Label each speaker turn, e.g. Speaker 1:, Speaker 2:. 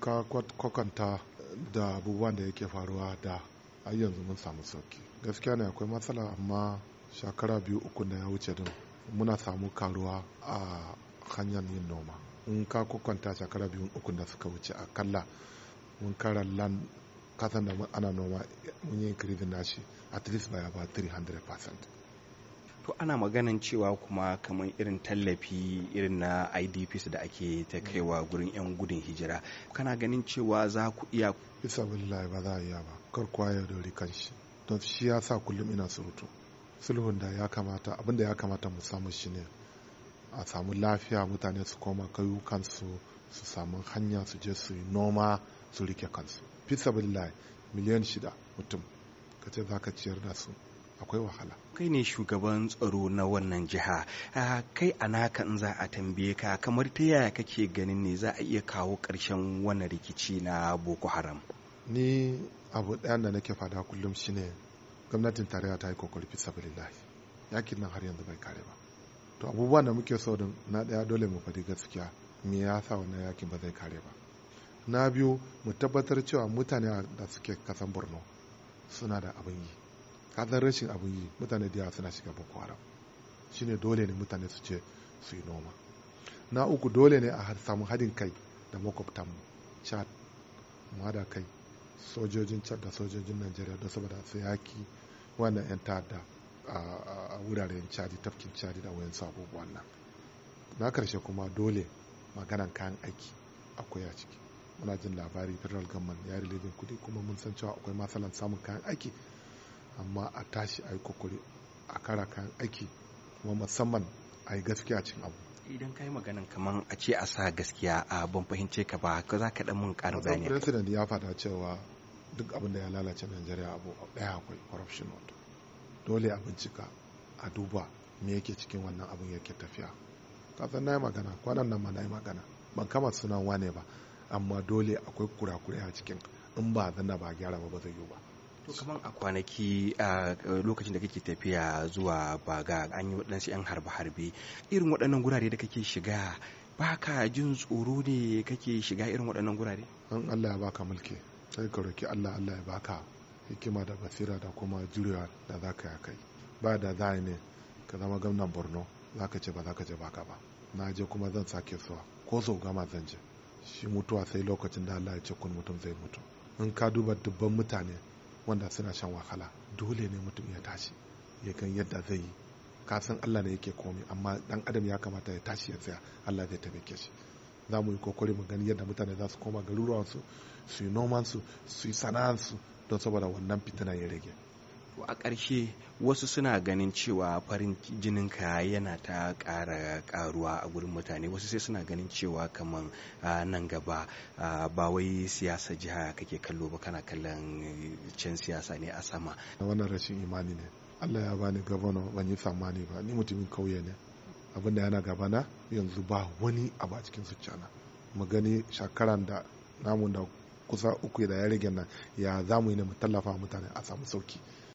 Speaker 1: ka kwatanta da abubuwan da yake faruwa da a yanzu mun samu sauki gaskiya ne akwai matsala amma shakara biyu uku da ya wuce din muna samu karuwa a hanyar yin noma in ka kwakwanta shakara biyu uku da suka wuce akalla mun kara lan kasan da ana noma mun yi increase nashi at least by about 300
Speaker 2: to ana maganan cewa kuma kamar irin tallafi irin na idps da ake ta kaiwa gurin 'yan gudun hijira
Speaker 1: kana ganin cewa za ku iya isa billahi ba za a iya ba kar kowa ya dori kanshi don shi ya sa kullum ina surutu sulhun da ya kamata abin da ya kamata mu samu shi ne a samu lafiya mutane su koma kayukansu su samu hanya su je su yi noma su rike kansu fi billahi miliyan shida mutum ka ce za ka ciyar da su akwai wahala kai ne shugaban tsaro na wannan jiha
Speaker 2: kai a naka in za a tambaye ka kamar ta yaya kake ganin ne za a iya kawo ƙarshen
Speaker 1: wannan rikici na boko haram ni abu ɗaya da nake fada kullum shine gwamnatin tarayya ta yi kokari fi sabilillahi yakin nan har yanzu bai kare ba to abubuwan da muke so din na ɗaya dole mu faɗi gaskiya me ya sa wannan yakin ba zai kare ba na biyu mu tabbatar cewa mutane da suke kasan borno suna da abin yi kadan rashin abin yi mutane da yawa suna shiga boko haram shine dole ne mutane su ce su yi noma na uku dole ne a samu hadin kai da mu chad mu hada kai sojojin chad da sojojin najeriya don saboda su yaki wannan 'yan ta'adda a wuraren chad tafkin chad da wayan abubuwan nan na karshe kuma dole maganan kayan aiki akwai a ciki muna jin labari federal government ya rilejin kudi kuma mun san cewa akwai matsalan samun kayan aiki amma a tashi a yi kokuri a kara kayan aiki kuma musamman a yi gaskiya cin abu
Speaker 2: idan ka yi maganin kamar a ce a sa gaskiya a ban fahimce ka ba ka za
Speaker 1: ka dan mun ƙara bayani president ya faɗa cewa duk abin ya lalace najeriya abu ɗaya akwai corruption wato dole a bincika a duba me yake cikin wannan abin yake tafiya kasan na yi magana kwanan nan ma na yi magana ban kama sunan wane ba amma dole akwai kurakure a cikin in ba zanna ba gyara ba ba zai yiwu ba to kaman a
Speaker 2: kwanaki a lokacin da kake tafiya zuwa baga an yi waɗansu 'yan harbe-harbe irin waɗannan gurare da kake shiga ba jin tsoro ne kake shiga irin waɗannan
Speaker 1: gurare an allah ya baka mulki sai ka roki allah allah ya baka hikima da basira da kuma jurewa da za ka kai ba da za ne ka zama gwamnan borno za ka ce ba za ka je baka ba na je kuma zan sake suwa ko sau gama zan je shi mutuwa sai lokacin da allah ya ce kun mutum zai mutu in ka duba dubban mutane wanda suna shan wahala dole ne mutum ya tashi ya gan yadda zai yi kasan Allah ne yake komi amma dan adam ya kamata ya tashi ya tsaya Allah zai taimake shi za mu yi kokori mu gani yadda mutane za su koma garuruwansu su yi nomansu su yi sana'ansu don saboda wannan fitina ya rage
Speaker 2: To a ƙarshe wasu suna ganin cewa farin jininka yana ta ƙara ƙaruwa a gurin mutane wasu sai suna ganin cewa kamar nan gaba ba wai siyasa jiha kake kallo ba kana kallon can siyasa ne a sama.
Speaker 1: Wannan rashin imani ne. Allah ya bani gabana ban yi tsammani ba ni mutumin kauye ne. Abinda yana gabana yanzu ba wani abu a cikin cana Mu gani shakaran da namun da kusa uku da ya rage nan ya zamu yi ne mu tallafa mutane a samu sauki.